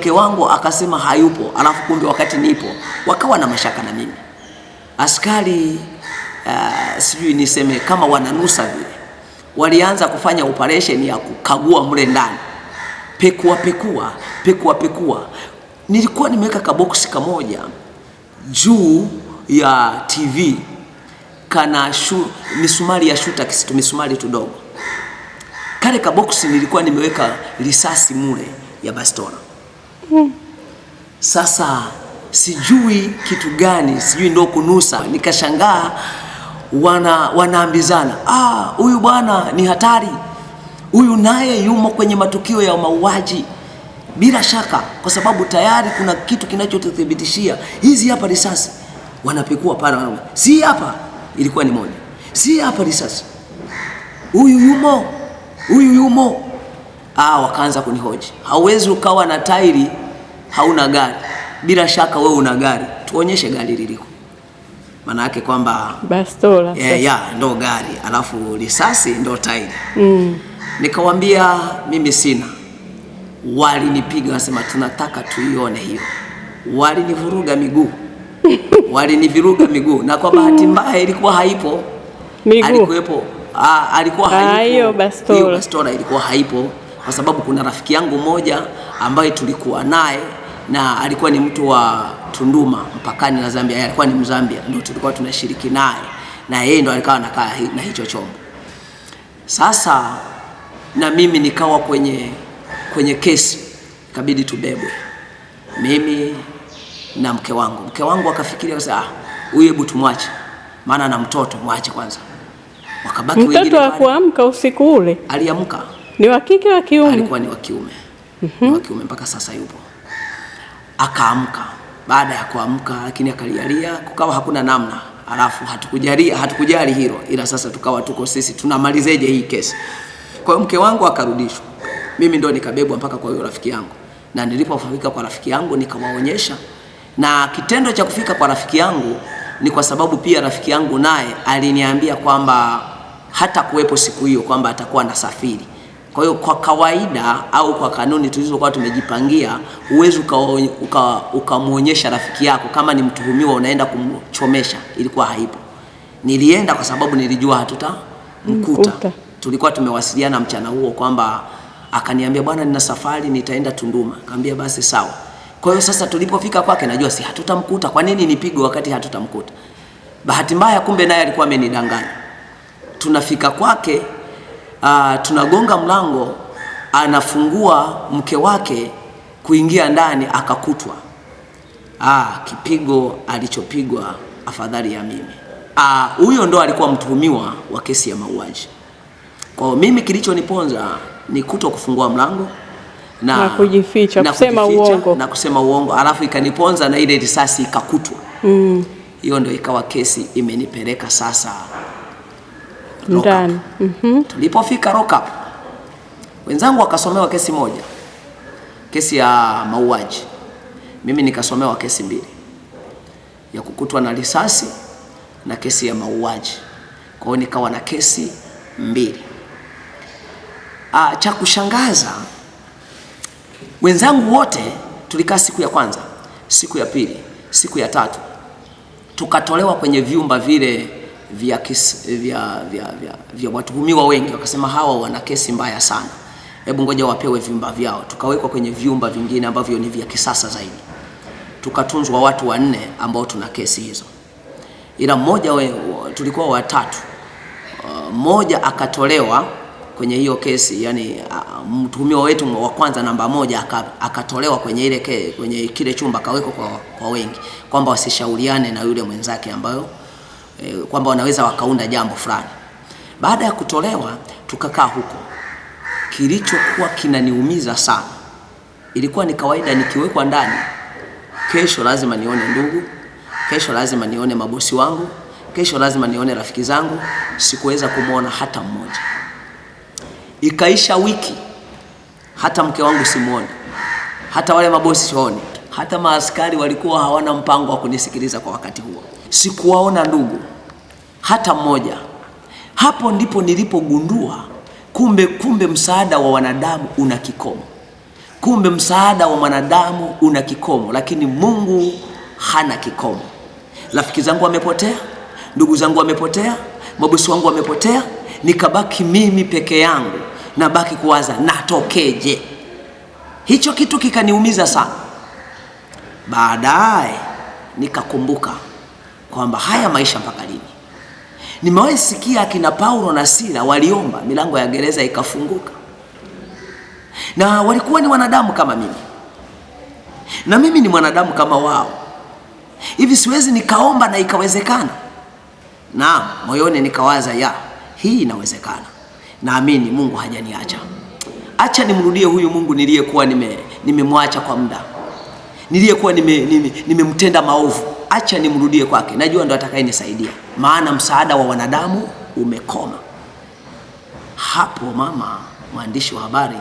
mke wangu akasema hayupo, alafu kumbe wakati nipo, wakawa na mashaka na mimi. Askari uh, sijui niseme kama wananusa vile, walianza kufanya operation ya kukagua mle ndani, pekua pekua pekua pekua. Nilikuwa nimeweka kaboksi kamoja juu ya TV kana shu, misumari ya shuta kisitu misumari tudogo kale kaboksi nilikuwa nimeweka risasi mule ya bastona. Sasa sijui kitu gani, sijui ndo kunusa, nikashangaa wana wanaambizana, ah, huyu bwana ni hatari, huyu naye yumo kwenye matukio ya mauaji bila shaka, kwa sababu tayari kuna kitu kinachotuthibitishia hizi hapa risasi. Wanapekua pale, si hapa ilikuwa ni moja, si hapa risasi, huyu yumo, huyu yumo Ah, wakaanza kunihoji, hauwezi ukawa na tairi hauna gari. Bila shaka wewe una gari, tuonyeshe gari liliko. Maana yake kwamba bastola yeah, yeah, ndo gari alafu risasi ndo tairi mm. Nikawambia mimi sina. Walinipiga wasema, tunataka tuione hiyo. Walinivuruga miguu waliniviruga miguu, na kwa bahati mm. mbaya ilikuwa haipo miguu. Alikuwepo, ah, alikuwa ah, haipo hiyo bastola, ilikuwa haipo kwa sababu kuna rafiki yangu moja ambaye tulikuwa naye na alikuwa ni mtu wa Tunduma mpakani na Zambia, alikuwa ni Mzambia, ndio tulikuwa tunashiriki naye na yeye ndo alikawa nakaa na hicho chombo. Sasa na mimi nikawa kwenye kwenye kesi, ikabidi tubebwe, mimi na mke wangu. Mke wangu akafikiria sasa, ah, huyu hebu tumwache, maana na mtoto mwache kwanza. Wakabaki wengine, mtoto akuamka usiku ule, aliamka ni wa kike wa kiume? Alikuwa ni wa kiume. Mm -hmm. Wa kiume mpaka sasa yupo. Akaamka. Baada ya kuamka, lakini akalialia, kukawa hakuna namna. Alafu hatukujali, hatukujali hilo, ila sasa tukawa tuko sisi tunamalizeje hii kesi. Kwa hiyo mke wangu akarudishwa, mimi ndo nikabebwa mpaka kwa huyo rafiki yangu, na nilipofika kwa rafiki yangu nikawaonyesha, na kitendo cha kufika kwa rafiki yangu ni kwa sababu pia rafiki yangu naye aliniambia kwamba hata kuwepo siku hiyo kwamba atakuwa na safiri kwa hiyo kwa kawaida au kwa kanuni tulizokuwa tumejipangia, huwezi ukamwonyesha uka, uka rafiki yako kama ni mtuhumiwa unaenda kumchomesha, ilikuwa haipo. Nilienda kwa sababu nilijua hatuta mkuta Mkuta. Tulikuwa tumewasiliana mchana huo kwamba akaniambia, bwana, nina safari nitaenda Tunduma. Kaambia basi sawa. Kwa hiyo sasa tulipofika kwake, najua si hatutamkuta, kwa nini nipigwe wakati hatutamkuta? Bahati mbaya, kumbe naye alikuwa amenidanganya. Tunafika kwake uh, tunagonga mlango, anafungua mke wake kuingia ndani, akakutwa. Ah, kipigo alichopigwa afadhali ya mimi. Ah, huyo ndo alikuwa mtuhumiwa wa kesi ya mauaji. Kwa mimi kilichoniponza ni kuto kufungua mlango na, na kujificha, na kusema kujificha, uongo na kusema uongo, alafu ikaniponza na ile risasi ikakutwa. Mm. Hiyo ndio ikawa kesi imenipeleka sasa ndani. mm Tulipofika roka, wenzangu wakasomewa kesi moja, kesi ya mauaji, mimi nikasomewa kesi mbili, ya kukutwa na risasi na kesi ya mauaji. Kwa hiyo nikawa na kesi mbili. Ah, cha kushangaza wenzangu wote tulikaa siku ya kwanza, siku ya pili, siku ya tatu, tukatolewa kwenye vyumba vile vya, kesi, vya, vya, vya, vya watuhumiwa wengi, wakasema hawa wana kesi mbaya sana, hebu ngoja wapewe vyumba vyao. Tukawekwa kwenye vyumba vingine ambavyo ni vya kisasa zaidi, tukatunzwa watu wanne ambao tuna kesi hizo, ila mmoja we, tulikuwa watatu, uh, mmoja uh, akatolewa kwenye hiyo kesi yani, uh, mtuhumiwa wetu wa kwanza namba moja akatolewa kwenye ile kwenye kile chumba akawekwa kwa, kwa wengi kwamba wasishauriane na yule mwenzake ambayo Eh, kwamba wanaweza wakaunda jambo fulani. Baada ya kutolewa, tukakaa huko. Kilichokuwa kinaniumiza sana ilikuwa ni kawaida, nikiwekwa ndani, kesho lazima nione ndugu, kesho lazima nione mabosi wangu, kesho lazima nione rafiki zangu. Sikuweza kumwona hata mmoja. Ikaisha wiki, hata mke wangu simuone hata wale mabosi sioni, hata maaskari walikuwa hawana mpango wa kunisikiliza kwa wakati huo sikuwaona ndugu hata mmoja. Hapo ndipo nilipogundua kumbe, kumbe msaada wa wanadamu una kikomo, kumbe msaada wa mwanadamu una kikomo, lakini Mungu hana kikomo. Rafiki zangu wamepotea, ndugu zangu wamepotea, mabosi wangu wamepotea, nikabaki mimi peke yangu, nabaki kuwaza natokeje. Hicho kitu kikaniumiza sana. Baadaye nikakumbuka kwamba haya maisha mpaka lini? Nimewahi sikia akina Paulo na Sila waliomba milango ya gereza ikafunguka, na walikuwa ni wanadamu kama mimi na mimi ni mwanadamu kama wao. Hivi siwezi nikaomba na ikawezekana? Naam, moyoni nikawaza ya hii inawezekana, naamini Mungu hajaniacha. Acha nimrudie huyu Mungu niliyekuwa nimemwacha nime kwa muda, niliyekuwa nimemtenda nime, nime maovu acha nimrudie kwake, najua ndo atakayenisaidia, maana msaada wa wanadamu umekoma. Hapo mama mwandishi wa habari,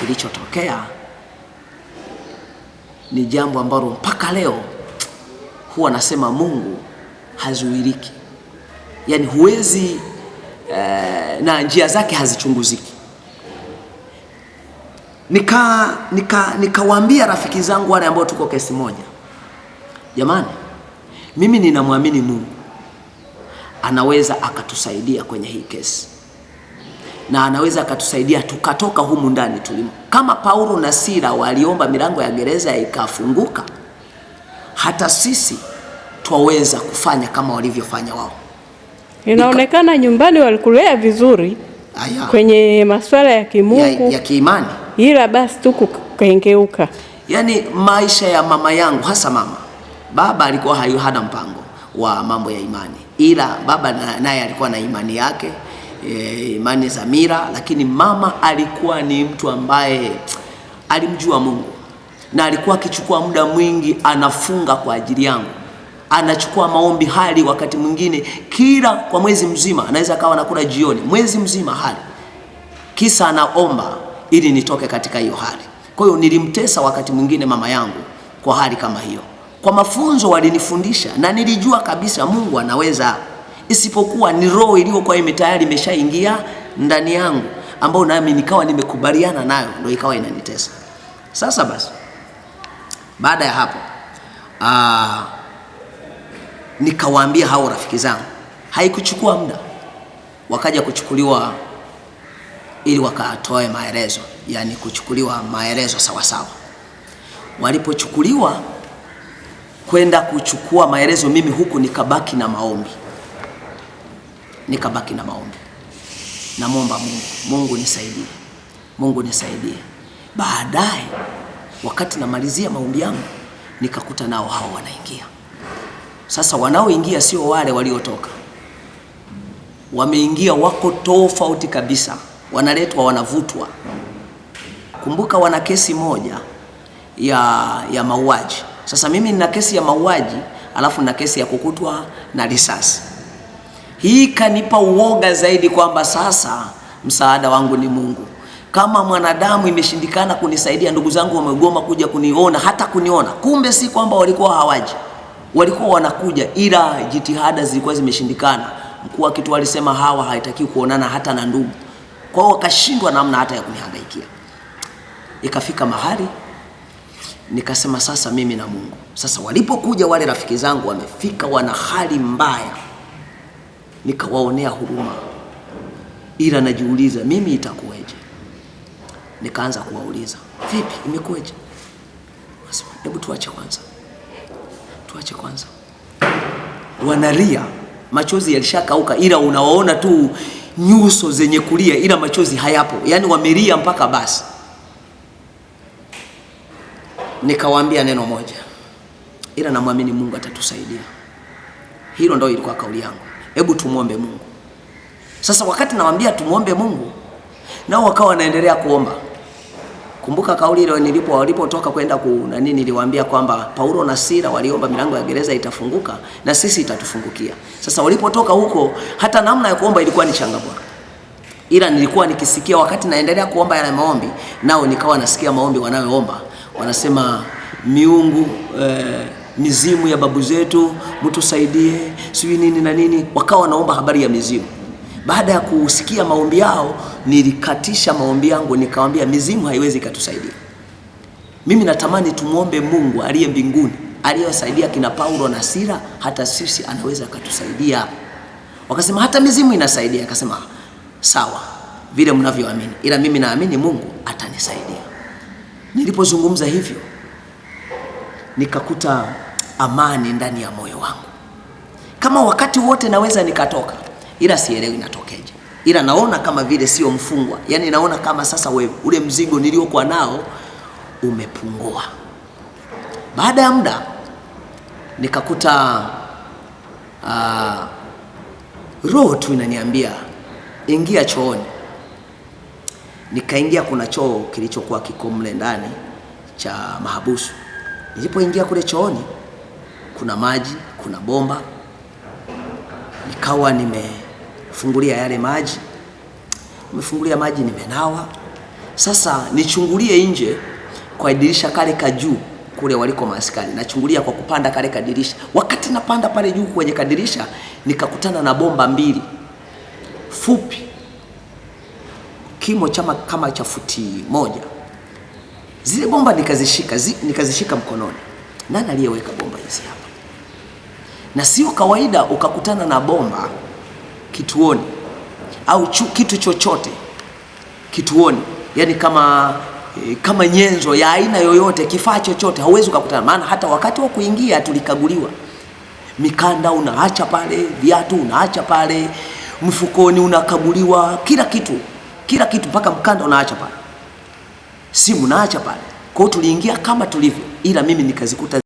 kilichotokea ni jambo ambalo mpaka leo huwa nasema Mungu hazuiriki, yaani huwezi eh, na njia zake hazichunguziki. Nikawaambia nika, nika rafiki zangu wale ambao tuko kesi moja, jamani mimi ninamwamini Mungu anaweza akatusaidia kwenye hii kesi na anaweza akatusaidia tukatoka humu ndani tulimo. Kama Paulo na Sila waliomba milango ya gereza ikafunguka, hata sisi twaweza kufanya kama walivyofanya wao. Inaonekana nyumbani walikulea vizuri Aya. kwenye masuala ya kimungu ya, ya kiimani, ila basi tu kukengeuka. Yaani maisha ya mama yangu hasa mama Baba alikuwa hana mpango wa mambo ya imani, ila baba naye alikuwa na imani yake e, imani za mira, lakini mama alikuwa ni mtu ambaye alimjua Mungu na alikuwa akichukua muda mwingi anafunga kwa ajili yangu, anachukua maombi hali wakati mwingine kila kwa mwezi mzima, anaweza akawa anakula jioni mwezi mzima hali, kisa anaomba ili nitoke katika hiyo hali. Kwa hiyo nilimtesa wakati mwingine mama yangu kwa hali kama hiyo. Kwa mafunzo walinifundisha na nilijua kabisa Mungu anaweza, isipokuwa ni roho iliyokuwa imetayari imeshaingia ndani yangu, ambayo nami nikawa nimekubaliana nayo, ndio ikawa inanitesa. Sasa basi, baada ya hapo aa, ah, nikawaambia hao rafiki zangu, haikuchukua muda wakaja kuchukuliwa ili wakatoe maelezo, yani kuchukuliwa maelezo sawasawa. Walipochukuliwa kwenda kuchukua maelezo mimi huku, nikabaki na maombi, nikabaki na maombi. Namwomba Mungu, Mungu nisaidie, Mungu nisaidie. Baadaye wakati namalizia maombi yangu, nikakuta nao hao wanaingia. Sasa wanaoingia sio wale waliotoka, wameingia wako tofauti kabisa, wanaletwa, wanavutwa. Kumbuka wana kesi moja ya, ya mauaji sasa mimi nina kesi ya mauaji alafu na kesi ya kukutwa na risasi. Hii kanipa uoga zaidi kwamba sasa msaada wangu ni Mungu. Kama mwanadamu imeshindikana kunisaidia, ndugu zangu wamegoma kuja kuniona, hata kuniona. Kumbe si kwamba walikuwa hawaji, walikuwa wanakuja, ila jitihada zilikuwa zimeshindikana. Mkuu wa kitu alisema hawa haitaki kuonana hata na ndugu, kwa hiyo wakashindwa namna hata ya kunihangaikia. Ikafika mahali Nikasema sasa mimi na Mungu. Sasa walipokuja wale rafiki zangu wamefika, wana hali mbaya, nikawaonea huruma, ila najiuliza mimi itakuweje? Nikaanza kuwauliza vipi, imekuweje? Nasema hebu tuache kwanza, tuache kwanza. Wanalia, machozi yalishakauka, ila unawaona tu nyuso zenye kulia, ila machozi hayapo, yaani wamelia mpaka basi nikawaambia neno moja, ila namwamini Mungu atatusaidia. Hilo ndio ilikuwa kauli yangu, hebu tumwombe Mungu. Sasa wakati nawaambia tumwombe Mungu, nao wakawa wanaendelea kuomba. Kumbuka kauli ile nilipo walipotoka kwenda ku nani, niliwaambia kwamba Paulo na Sila waliomba milango ya gereza itafunguka na sisi itatufungukia. Sasa walipotoka huko, hata namna ya kuomba ilikuwa ni changamoto, ila nilikuwa nikisikia wakati naendelea kuomba yale maombi, nao nikawa nasikia maombi wanayoomba wanasema miungu eh, mizimu ya babu zetu mtusaidie, sijui nini na nini, wakawa wanaomba habari ya mizimu. Baada ya kusikia maombi yao, nilikatisha maombi yangu, nikamwambia mizimu haiwezi ikatusaidia. Mimi natamani tumwombe Mungu aliye mbinguni aliyosaidia kina Paulo na Sila, hata sisi anaweza akatusaidia. Wakasema hata mizimu inasaidia. Akasema sawa, vile mnavyoamini, ila mimi naamini Mungu atanisaidia. Nilipozungumza hivyo nikakuta amani ndani ya moyo wangu, kama wakati wote naweza nikatoka, ila sielewi natokeje, ila naona kama vile sio mfungwa. Yani naona kama sasa wewe ule mzigo niliokuwa nao umepungua. Baada ya muda nikakuta uh, roho tu inaniambia ingia chooni, Nikaingia, kuna choo kilichokuwa kiko mle ndani cha mahabusu. Nilipoingia kule chooni, kuna maji, kuna bomba, nikawa nimefungulia yale maji, nimefungulia maji, nimenawa. Sasa nichungulie nje kwa dirisha kale ka juu kule waliko maaskari, nachungulia kwa kupanda kale kadirisha. Wakati napanda pale juu kwenye kadirisha, nikakutana na bomba mbili fupi kimo chama kama cha futi moja. Zile bomba nikazishika zi, nikazishika mkononi. Nani aliyeweka bomba hizi hapa? Na sio kawaida ukakutana na bomba kituoni au chu, kitu chochote kituoni, yani kama eh, kama nyenzo ya aina yoyote, kifaa chochote, hauwezi ukakutana. Maana hata wakati wa kuingia tulikaguliwa, mikanda unaacha pale, viatu unaacha pale, mfukoni unakaguliwa, kila kitu kila kitu, mpaka mkanda unaacha pale, simu naacha pale. Kwa hiyo tuliingia kama tulivyo, ila mimi nikazikuta